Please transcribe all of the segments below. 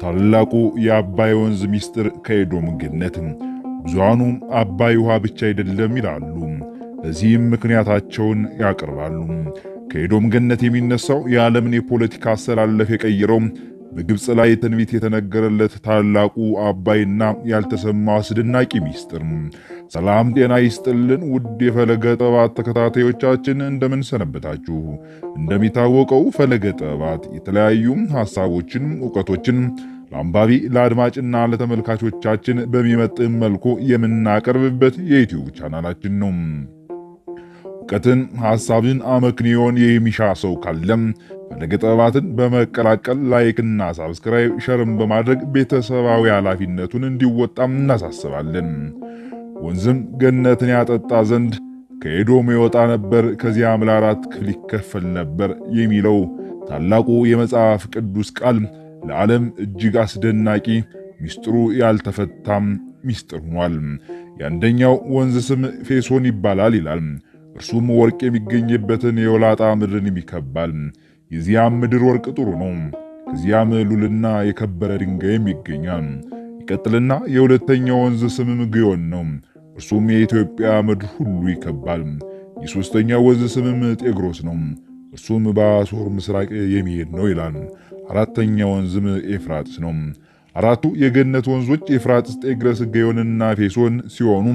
ታላቁ የአባይ ወንዝ ሚስጥር ከኤዶም ግነት ብዙሃኑ አባይ ውሃ ብቻ አይደለም ይላሉ። ለዚህም ምክንያታቸውን ያቀርባሉ። ከኤዶም ገነት የሚነሳው የዓለምን የፖለቲካ አሰላለፍ የቀየረው በግብፅ ላይ ትንቢት የተነገረለት ታላቁ አባይና ያልተሰማ አስደናቂ ሚስጥር። ሰላም ጤና ይስጥልን ውድ የፈለገ ጥበባት ተከታታዮቻችን እንደምን ሰነበታችሁ? እንደሚታወቀው ፈለገ ጥበባት የተለያዩ ሀሳቦችን፣ እውቀቶችን ለአንባቢ ለአድማጭና ለተመልካቾቻችን በሚመጥን መልኩ የምናቀርብበት የዩትዩብ ቻናላችን ነው። እውቀትን ሐሳብን፣ አመክንዮን የሚሻ ሰው ካለም ፈለገ ጥበባትን በመቀላቀል ላይክና ሳብስክራይብ ሸርም በማድረግ ቤተሰባዊ ኃላፊነቱን እንዲወጣም እናሳስባለን። ወንዝም ገነትን ያጠጣ ዘንድ ከኤዶም ይወጣ ነበር፣ ከዚያም ለአራት ክፍል ይከፈል ነበር የሚለው ታላቁ የመጽሐፍ ቅዱስ ቃል ለዓለም እጅግ አስደናቂ ሚስጥሩ ያልተፈታም ሚስጥር ሆኗል። የአንደኛው ወንዝ ስም ፌሶን ይባላል ይላል። እርሱም ወርቅ የሚገኝበትን የወላጣ ምድርን ይከባል። የዚያም ምድር ወርቅ ጥሩ ነው። ከዚያም ሉልና የከበረ ድንጋይም ይገኛል። ይቀጥልና የሁለተኛ ወንዝ ስምም ግዮን ነው። እርሱም የኢትዮጵያ ምድር ሁሉ ይከባል። የሦስተኛ ወንዝ ስምም ጤግሮስ ነው። እርሱም በአሶር ምስራቅ የሚሄድ ነው ይላል። አራተኛ ወንዝም ኤፍራጥስ ነው። አራቱ የገነት ወንዞች ኤፍራጥስ፣ ጤግረስ፣ ገዮንና ፌሶን ሲሆኑ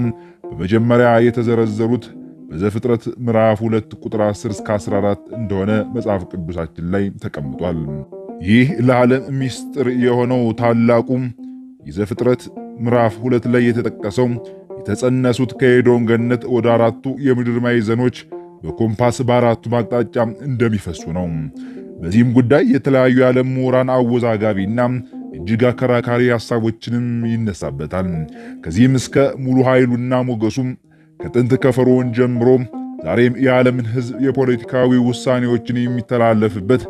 በመጀመሪያ የተዘረዘሩት በዘፍጥረት ምዕራፍ 2 ቁጥር 10 እስከ 14 እንደሆነ መጽሐፍ ቅዱሳችን ላይ ተቀምጧል። ይህ ለዓለም ምስጢር የሆነው ታላቁ የዘፍጥረት ምዕራፍ 2 ላይ የተጠቀሰው የተጸነሱት ከኤዶም ገነት ወደ አራቱ የምድር ማዕዘኖች በኮምፓስ በአራቱ አቅጣጫ እንደሚፈሱ ነው። በዚህም ጉዳይ የተለያዩ የዓለም ምሁራን አወዛጋቢና እጅግ አከራካሪ ሐሳቦችንም ይነሳበታል። ከዚህም እስከ ሙሉ ኃይሉና ሞገሱም ከጥንት ከፈርዖን ጀምሮ ዛሬም የዓለምን ሕዝብ የፖለቲካዊ ውሳኔዎችን የሚተላለፍበት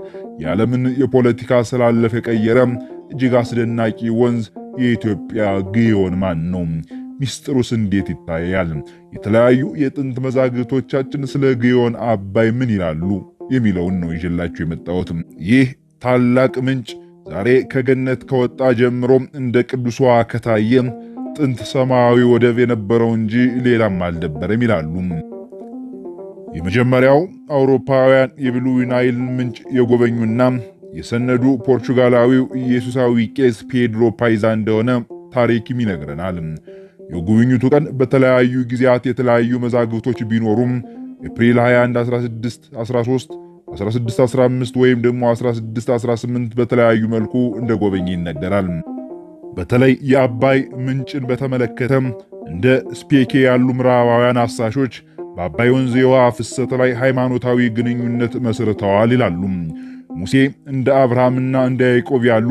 የዓለምን የፖለቲካ ስላለፍ የቀየረ እጅግ አስደናቂ ወንዝ የኢትዮጵያ ግዮን ማን ነው? ሚስጥሩስ እንዴት ይታያል? የተለያዩ የጥንት መዛግብቶቻችን ስለ ግዮን አባይ ምን ይላሉ የሚለውን ነው ይዤላችሁ የመጣሁት። ይህ ታላቅ ምንጭ ዛሬ ከገነት ከወጣ ጀምሮ እንደ ቅዱሷ ከታየም ጥንት ሰማያዊ ወደብ የነበረው እንጂ ሌላም አልነበረም ይላሉ። የመጀመሪያው አውሮፓውያን የብሉይ ናይል ምንጭ የጎበኙና የሰነዱ ፖርቹጋላዊው ኢየሱሳዊ ቄስ ፔድሮ ፓይዛ እንደሆነ ታሪክም ይነግረናል። የጉብኝቱ ቀን በተለያዩ ጊዜያት የተለያዩ መዛግብቶች ቢኖሩም ኤፕሪል 21 16 13 16 15 ወይም ደግሞ 16 18 በተለያዩ መልኩ እንደጎበኘ ይነገራል። በተለይ የአባይ ምንጭን በተመለከተም እንደ ስፔኬ ያሉ ምዕራባውያን አሳሾች በአባይ ወንዝ የውሃ ፍሰት ላይ ሃይማኖታዊ ግንኙነት መስርተዋል ይላሉ። ሙሴ እንደ አብርሃምና እንደ ያዕቆብ ያሉ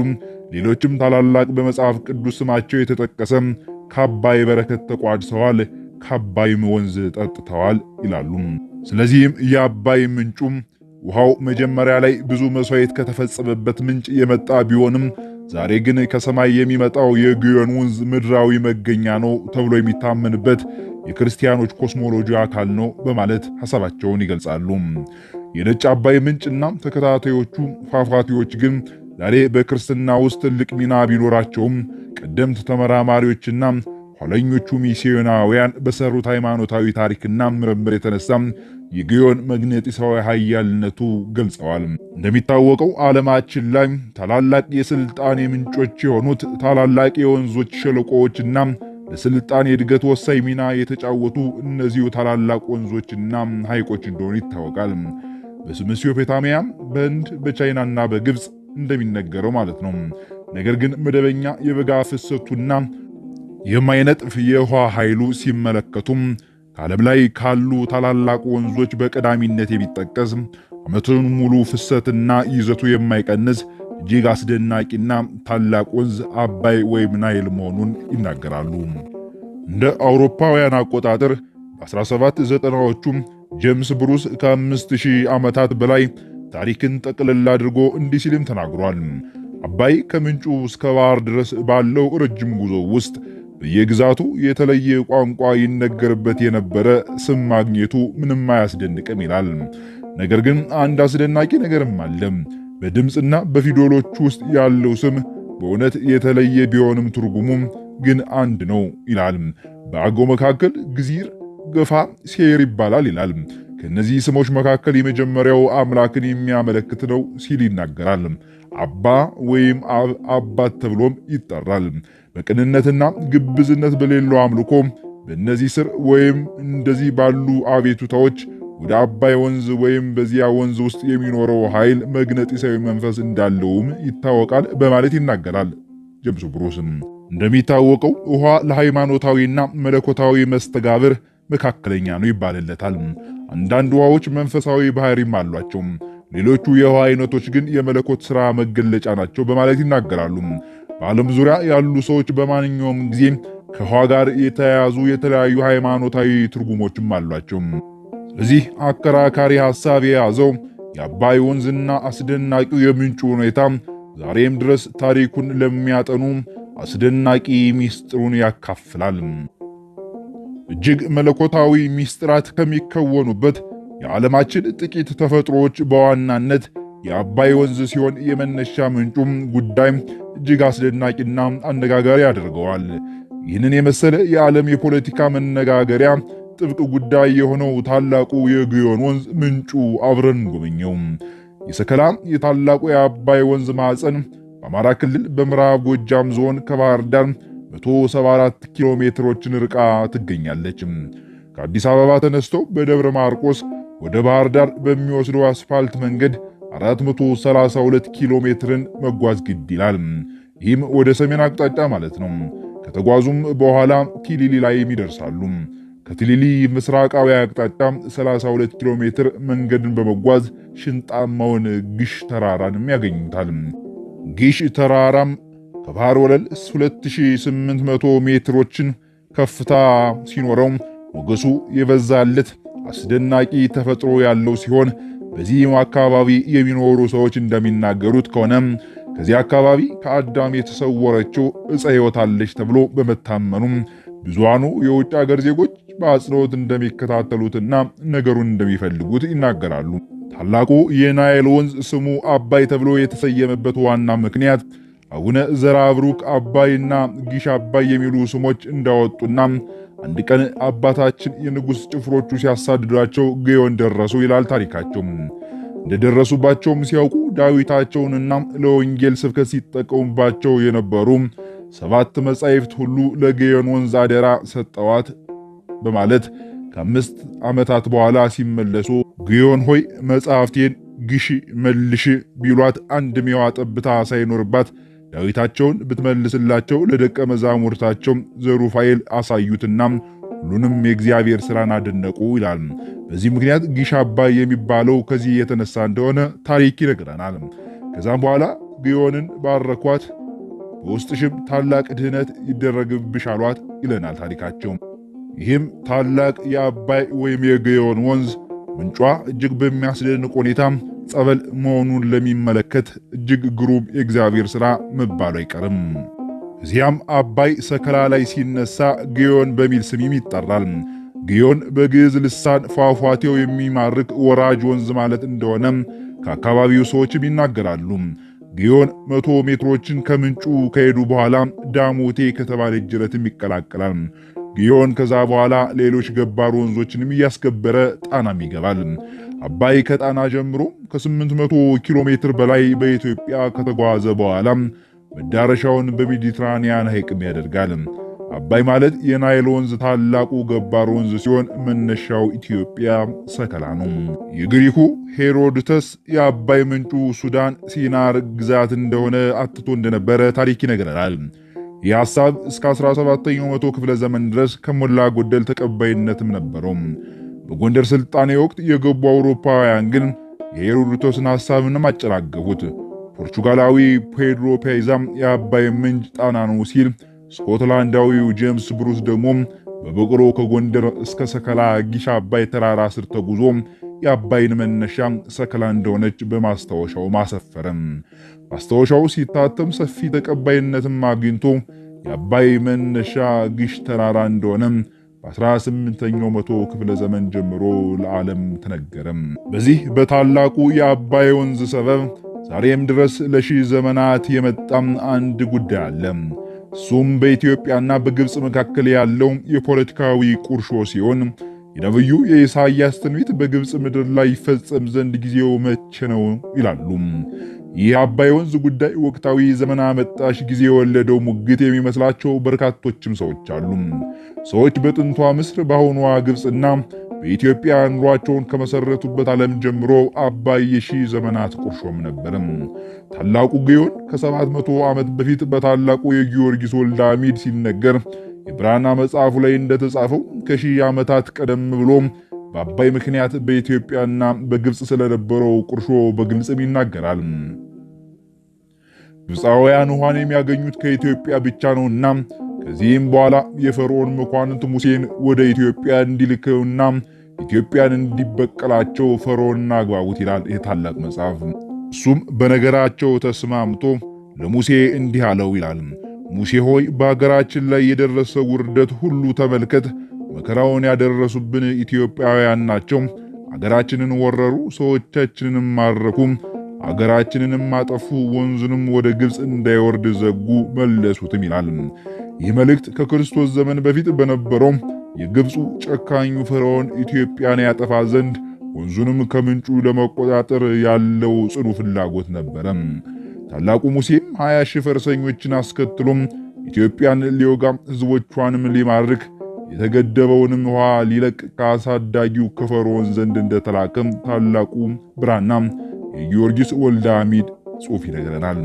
ሌሎችም ታላላቅ በመጽሐፍ ቅዱስ ስማቸው የተጠቀሰም ከአባይ በረከት ተቋድሰዋል፣ ከአባይም ወንዝ ጠጥተዋል ይላሉ። ስለዚህም የአባይ ምንጩም ውሃው መጀመሪያ ላይ ብዙ መስዋዕት ከተፈጸመበት ምንጭ የመጣ ቢሆንም ዛሬ ግን ከሰማይ የሚመጣው የግዮን ወንዝ ምድራዊ መገኛ ነው ተብሎ የሚታመንበት የክርስቲያኖች ኮስሞሎጂ አካል ነው በማለት ሐሳባቸውን ይገልጻሉ። የነጭ አባይ ምንጭና ተከታታዮቹ ፏፏቴዎች ግን ዛሬ በክርስትና ውስጥ ትልቅ ሚና ቢኖራቸውም ቀደምት ተመራማሪዎችና ኋለኞቹ ሚስዮናውያን በሰሩት ሃይማኖታዊ ታሪክና ምርምር የተነሳ የግዮን መግነጢሳዊ ኃያልነቱ ገልጸዋል። እንደሚታወቀው ዓለማችን ላይ ታላላቅ የሥልጣኔ ምንጮች የሆኑት ታላላቅ የወንዞች ሸለቆዎችና ለሥልጣኔ እድገት ወሳኝ ሚና የተጫወቱ እነዚሁ ታላላቅ ወንዞችና ሐይቆች እንደሆኑ ይታወቃል። በሜሶፖታሚያ፣ በህንድ፣ በቻይናና በግብፅ እንደሚነገረው ማለት ነው። ነገር ግን መደበኛ የበጋ ፍሰቱና የማይነጥፍ የውሃ ኃይሉ ሲመለከቱም ከዓለም ላይ ካሉ ታላላቅ ወንዞች በቀዳሚነት የሚጠቀስ ዓመቱን ሙሉ ፍሰትና ይዘቱ የማይቀንስ እጅግ አስደናቂና ታላቅ ወንዝ አባይ ወይም ናይል መሆኑን ይናገራሉ። እንደ አውሮፓውያን አቆጣጠር በ1790ዎቹ ጄምስ ብሩስ ከ5000 ዓመታት በላይ ታሪክን ጠቅልል አድርጎ እንዲህ ሲልም ተናግሯል። አባይ ከምንጩ እስከ ባህር ድረስ ባለው ረጅም ጉዞ ውስጥ በየግዛቱ የተለየ ቋንቋ ይነገርበት የነበረ ስም ማግኘቱ ምንም አያስደንቅም ይላል። ነገር ግን አንድ አስደናቂ ነገርም አለም። በድምፅና በፊደሎች ውስጥ ያለው ስም በእውነት የተለየ ቢሆንም ትርጉሙም ግን አንድ ነው ይላል። በአገው መካከል ግዚር፣ ገፋ፣ ሴር ይባላል ይላል። ከእነዚህ ስሞች መካከል የመጀመሪያው አምላክን የሚያመለክት ነው ሲል ይናገራል። አባ ወይም አባት ተብሎም ይጠራል። በቅንነትና ግብዝነት በሌለው አምልኮ በእነዚህ ስር ወይም እንደዚህ ባሉ አቤቱታዎች ወደ አባይ ወንዝ ወይም በዚያ ወንዝ ውስጥ የሚኖረው ኃይል መግነጢሳዊ መንፈስ እንዳለውም ይታወቃል በማለት ይናገራል ጀምስ ብሩስም። እንደሚታወቀው ውሃ ለሃይማኖታዊና መለኮታዊ መስተጋብር መካከለኛ ነው ይባልለታል። አንዳንድ ውሃዎች መንፈሳዊ ባህሪም አሏቸው፣ ሌሎቹ የውሃ አይነቶች ግን የመለኮት ሥራ መገለጫ ናቸው በማለት ይናገራሉ። በዓለም ዙሪያ ያሉ ሰዎች በማንኛውም ጊዜ ከውሃ ጋር የተያያዙ የተለያዩ ሃይማኖታዊ ትርጉሞችም አሏቸው። ለዚህ አከራካሪ ሐሳብ የያዘው የአባይ ወንዝና አስደናቂው የምንጩ ሁኔታ ዛሬም ድረስ ታሪኩን ለሚያጠኑ አስደናቂ ሚስጥሩን ያካፍላል። እጅግ መለኮታዊ ሚስጥራት ከሚከወኑበት የዓለማችን ጥቂት ተፈጥሮዎች በዋናነት የአባይ ወንዝ ሲሆን የመነሻ ምንጩም ጉዳይ እጅግ አስደናቂና አነጋጋሪ አድርገዋል። ይህንን የመሰለ የዓለም የፖለቲካ መነጋገሪያ ጥብቅ ጉዳይ የሆነው ታላቁ የግዮን ወንዝ ምንጩ አብረን ጎበኘው። የሰከላ የታላቁ የአባይ ወንዝ ማዕፀን በአማራ ክልል በምዕራብ ጎጃም ዞን ከባህር ዳር 174 ኪሎ ሜትሮችን ርቃ ትገኛለች። ከአዲስ አበባ ተነስቶ በደብረ ማርቆስ ወደ ባህር ዳር በሚወስደው አስፋልት መንገድ 432 ኪሎ ሜትርን መጓዝ ግድ ይላል። ይህም ወደ ሰሜን አቅጣጫ ማለት ነው። ከተጓዙም በኋላ ቲሊሊ ላይ ይደርሳሉ። ከቲሊሊ ምስራቃዊ አቅጣጫ 32 ኪሎ ሜትር መንገድን በመጓዝ ሽንጣማውን ግሽ ተራራንም ያገኙታል። ግሽ ተራራም ከባህር ወለል 2800 ሜትሮችን ከፍታ ሲኖረው ሞገሱ የበዛለት አስደናቂ ተፈጥሮ ያለው ሲሆን በዚህም አካባቢ የሚኖሩ ሰዎች እንደሚናገሩት ከሆነም ከዚህ አካባቢ ከአዳም የተሰወረችው እፀ ሕይወት አለች ተብሎ በመታመኑም ብዙሃኑ የውጭ አገር ዜጎች በአጽንኦት እንደሚከታተሉትና ነገሩን እንደሚፈልጉት ይናገራሉ። ታላቁ የናይል ወንዝ ስሙ አባይ ተብሎ የተሰየመበት ዋና ምክንያት አቡነ ዘራብሩክ አባይና ጊሻ አባይ የሚሉ ስሞች እንዳወጡና አንድ ቀን አባታችን የንጉሥ ጭፍሮቹ ሲያሳድዷቸው ግዮን ደረሱ ይላል ታሪካቸውም። እንደደረሱባቸውም ሲያውቁ ዳዊታቸውንና ለወንጌል ስብከት ሲጠቀሙባቸው የነበሩ ሰባት መጻሕፍት ሁሉ ለግዮን ወንዝ አደራ ሰጠዋት በማለት ከአምስት ዓመታት በኋላ ሲመለሱ ግዮን ሆይ መጻሕፍቴን ግሺ መልሽ ቢሏት አንድ ሜዋ ጠብታ ሳይኖርባት ዳዊታቸውን ብትመልስላቸው ለደቀ መዛሙርታቸው ዘሩፋኤል አሳዩትና ሁሉንም የእግዚአብሔር ሥራን አደነቁ ይላል። በዚህ ምክንያት ጊሽ አባይ የሚባለው ከዚህ የተነሳ እንደሆነ ታሪክ ይነግረናል። ከዛም በኋላ ግዮንን ባረኳት፣ በውስጥሽም ታላቅ ድህነት ይደረግብሽ አሏት ይለናል ታሪካቸው። ይህም ታላቅ የአባይ ወይም የግዮን ወንዝ ምንጯ እጅግ በሚያስደንቅ ሁኔታ ጸበል መሆኑን ለሚመለከት እጅግ ግሩም የእግዚአብሔር ሥራ መባሉ አይቀርም። እዚያም አባይ ሰከላ ላይ ሲነሳ ግዮን በሚል ስምም ይጠራል። ግዮን በግዕዝ ልሳን ፏፏቴው የሚማርክ ወራጅ ወንዝ ማለት እንደሆነ ከአካባቢው ሰዎችም ይናገራሉ። ግዮን መቶ ሜትሮችን ከምንጩ ከሄዱ በኋላ ዳሞቴ ከተባለ ጅረትም ይቀላቀላል። ግዮን ከዛ በኋላ ሌሎች ገባር ወንዞችንም እያስከበረ ጣናም ይገባል። አባይ ከጣና ጀምሮ ከ800 ኪሎ ሜትር በላይ በኢትዮጵያ ከተጓዘ በኋላ መዳረሻውን በሜዲትራኒያን ሐይቅም ያደርጋል። አባይ ማለት የናይል ወንዝ ታላቁ ገባር ወንዝ ሲሆን መነሻው ኢትዮጵያ ሰከላ ነው። የግሪኩ ሄሮድተስ የአባይ ምንጩ ሱዳን ሲናር ግዛት እንደሆነ አትቶ እንደነበረ ታሪክ ይነግረናል። የሐሳብ እስከ 17ኛው መቶ ክፍለ ዘመን ድረስ ከሞላ ጎደል ተቀባይነትም ነበረው። በጎንደር ስልጣኔ ወቅት የገቡ አውሮፓውያን ግን የሄሮዶቶስን ሐሳብንም አጨናገፉት። ፖርቹጋላዊ ፔድሮ ፔይዛም የአባይ ምንጭ ጣና ነው ሲል፣ ስኮትላንዳዊው ጄምስ ብሩስ ደግሞ በበቅሎ ከጎንደር እስከ ሰከላ ጊሽ አባይ ተራራ ስር ተጉዞ የአባይን መነሻ ሰከላ እንደሆነች በማስታወሻው ማሰፈረም ማስታወሻው ሲታተም ሰፊ ተቀባይነትም አግኝቶ የአባይ መነሻ ግሽ ተራራ እንደሆነም በ18ኛው መቶ ክፍለ ዘመን ጀምሮ ለዓለም ተነገረም። በዚህ በታላቁ የአባይ ወንዝ ሰበብ ዛሬም ድረስ ለሺ ዘመናት የመጣም አንድ ጉዳይ አለ። እሱም በኢትዮጵያና በግብፅ መካከል ያለው የፖለቲካዊ ቁርሾ ሲሆን የነብዩ የኢሳያስ ትንቢት በግብፅ ምድር ላይ ይፈጸም ዘንድ ጊዜው መቼ ነው ይላሉ። የአባይ ወንዝ ጉዳይ ወቅታዊ ዘመን አመጣሽ ጊዜ የወለደው ሙግት የሚመስላቸው በርካቶችም ሰዎች አሉ። ሰዎች በጥንቷ ምስር በአሁኗ ግብፅና በኢትዮጵያ ኑሯቸውን ከመሰረቱበት ዓለም ጀምሮ አባይ የሺ ዘመናት ቁርሾም ነበርም። ታላቁ ግዮን ከ700 ዓመት በፊት በታላቁ የጊዮርጊስ ወልደ አሚድ ሲነገር የብራና መጽሐፉ ላይ እንደተጻፈው ከሺህ ዓመታት ቀደም ብሎም በአባይ ምክንያት በኢትዮጵያና በግብፅ ስለነበረው ቁርሾ በግልጽም ይናገራል። ግብፃውያን ውሃን የሚያገኙት ከኢትዮጵያ ብቻ ነውና ከዚህም በኋላ የፈርዖን መኳንንት ሙሴን ወደ ኢትዮጵያ እንዲልከውና ኢትዮጵያን እንዲበቀላቸው ፈርዖንና አግባቡት ይላል ታላቅ መጽሐፍ። እሱም በነገራቸው ተስማምቶ ለሙሴ እንዲህ አለው ይላል። ሙሴ ሆይ በሀገራችን ላይ የደረሰ ውርደት ሁሉ ተመልከት መከራውን ያደረሱብን ኢትዮጵያውያን ናቸው። አገራችንን ወረሩ፣ ሰዎቻችንንም ማረኩ፣ አገራችንንም አጠፉ፣ ወንዙንም ወደ ግብፅ እንዳይወርድ ዘጉ፣ መለሱትም ይላል። ይህ መልእክት ከክርስቶስ ዘመን በፊት በነበረው የግብፁ ጨካኙ ፈርዖን ኢትዮጵያን ያጠፋ ዘንድ ወንዙንም ከምንጩ ለመቆጣጠር ያለው ጽኑ ፍላጎት ነበረ። ታላቁ ሙሴም 20 ሺህ ፈረሰኞችን አስከትሎም ኢትዮጵያን ሊወጋ ሕዝቦቿንም ሊማርክ የተገደበውንም ውሃ ሊለቅ ከአሳዳጊው ከፈርዖን ዘንድ እንደተላከም ታላቁ ብራና የጊዮርጊስ ወልደ አሚድ ጽሑፍ ይነግረናል።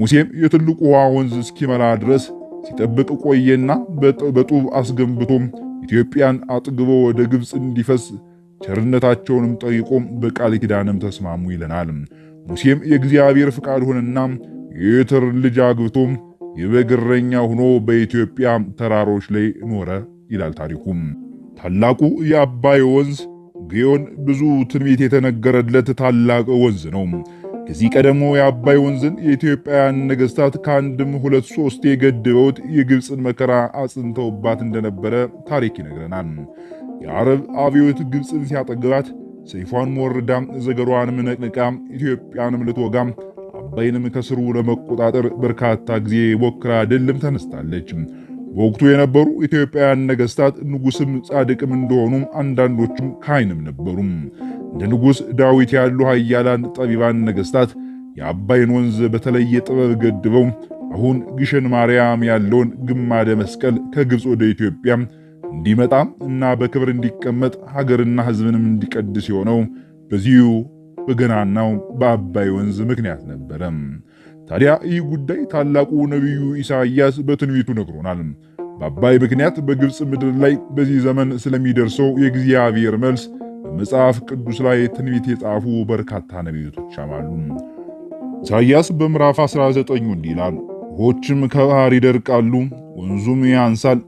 ሙሴም የትልቁ ውሃ ወንዝ እስኪመላ ድረስ ሲጠብቅ ቆየና በጡብ አስገንብቶም ኢትዮጵያን አጥግቦ ወደ ግብፅ እንዲፈስ ቸርነታቸውንም ጠይቆ በቃል ኪዳንም ተስማሙ ይለናል። ሙሴም የእግዚአብሔር ፍቃድ ሆነና የትር ልጅ አግብቶም የበግረኛ ሆኖ በኢትዮጵያ ተራሮች ላይ ኖረ ይላል ታሪኩም። ታላቁ የአባይ ወንዝ ግዮን ብዙ ትንቢት የተነገረለት ታላቅ ወንዝ ነው። ከዚህ ቀደሞ የአባይ ወንዝን የኢትዮጵያውያን ነገሥታት ከአንድም ሁለት ሶስት የገድበውት የግብፅን መከራ አጽንተውባት እንደነበረ ታሪክ ይነግረናል። የአረብ አብዮት ግብፅን ሲያጠግባት ሰይፏን ሞርዳ ዘገሯንም ነቅንቃ ኢትዮጵያንም ልትወጋ አባይንም ከስሩ ለመቆጣጠር በርካታ ጊዜ ሞክራ ድልም ተነስታለች። በወቅቱ የነበሩ ኢትዮጵያውያን ነገስታት ንጉስም ጻድቅም እንደሆኑም አንዳንዶቹም ካህንም ነበሩም። እንደ ንጉሥ ዳዊት ያሉ ኃያላን ጠቢባን ነገስታት የአባይን ወንዝ በተለየ ጥበብ ገድበው አሁን ግሸን ማርያም ያለውን ግማደ መስቀል ከግብፅ ወደ ኢትዮጵያ እንዲመጣ እና በክብር እንዲቀመጥ ሀገርና ሕዝብንም እንዲቀድስ የሆነው በዚሁ በገናናው በአባይ ወንዝ ምክንያት ነበረ። ታዲያ ይህ ጉዳይ ታላቁ ነቢዩ ኢሳያስ በትንቢቱ ነግሮናል። በአባይ ምክንያት በግብፅ ምድር ላይ በዚህ ዘመን ስለሚደርሰው የእግዚአብሔር መልስ በመጽሐፍ ቅዱስ ላይ ትንቢት የጻፉ በርካታ ነቢያቶች አማሉ። ኢሳያስ በምዕራፍ 19 እንዲህ ይላል፣ ውኆችም ከባህር ይደርቃሉ፣ ወንዙም ያንሳል፣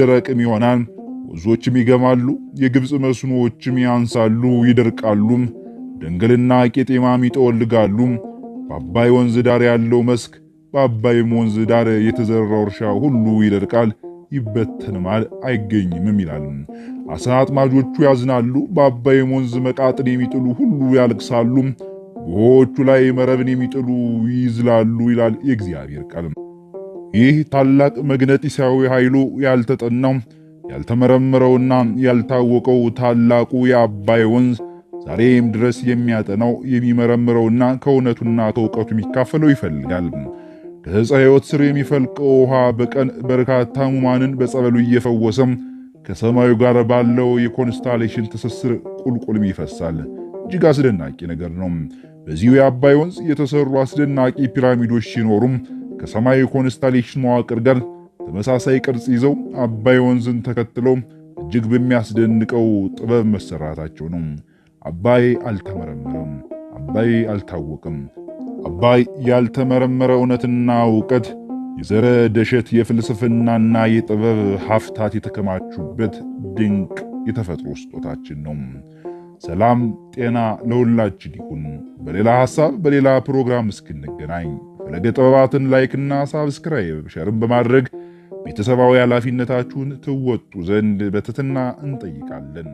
ደረቅም ይሆናል፣ ወንዞችም ይገማሉ፣ የግብፅ መስኖዎችም ያንሳሉ፣ ይደርቃሉም፣ ደንገልና ቄጤማም ይጠወልጋሉ በአባይ ወንዝ ዳር ያለው መስክ በአባይም ወንዝ ዳር የተዘራው እርሻ ሁሉ ይደርቃል፣ ይበተንማል፣ አይገኝምም ይላል። አሳ አጥማጆቹ ያዝናሉ፣ በአባይም ወንዝ መቃጥን የሚጥሉ ሁሉ ያልቅሳሉ፣ ውኆቹ ላይ መረብን የሚጥሉ ይዝላሉ ይላል የእግዚአብሔር ቃል። ይህ ታላቅ መግነጢሳዊ ኃይሉ ያልተጠናው ያልተመረመረውና ያልታወቀው ታላቁ የአባይ ወንዝ ዛሬም ድረስ የሚያጠናው የሚመረምረውና ከእውነቱና ከእውቀቱ የሚካፈለው ይፈልጋል። ከዕፀ ሕይወት ስር የሚፈልቀው ውሃ በቀን በርካታ ሕሙማንን በጸበሉ እየፈወሰም ከሰማዩ ጋር ባለው የኮንስታሌሽን ትስስር ቁልቁልም ይፈሳል። እጅግ አስደናቂ ነገር ነው። በዚሁ የአባይ ወንዝ የተሰሩ አስደናቂ ፒራሚዶች ሲኖሩም ከሰማዩ ኮንስታሌሽን መዋቅር ጋር ተመሳሳይ ቅርጽ ይዘው አባይ ወንዝን ተከትለው እጅግ በሚያስደንቀው ጥበብ መሰራታቸው ነው። አባይ አልተመረመረም፣ አባይ አልታወቀም። አባይ ያልተመረመረ እውነትና እውቀት የዘረ ደሸት የፍልስፍናና የጥበብ ሀፍታት የተከማቹበት ድንቅ የተፈጥሮ ስጦታችን ነው። ሰላም ጤና ለሁላችን ይሁን። በሌላ ሐሳብ በሌላ ፕሮግራም እስክንገናኝ ፈለገ ጥበባትን ላይክና ሳብስክራይብ ሸርም በማድረግ ቤተሰባዊ ኃላፊነታችሁን ትወጡ ዘንድ በትህትና እንጠይቃለን።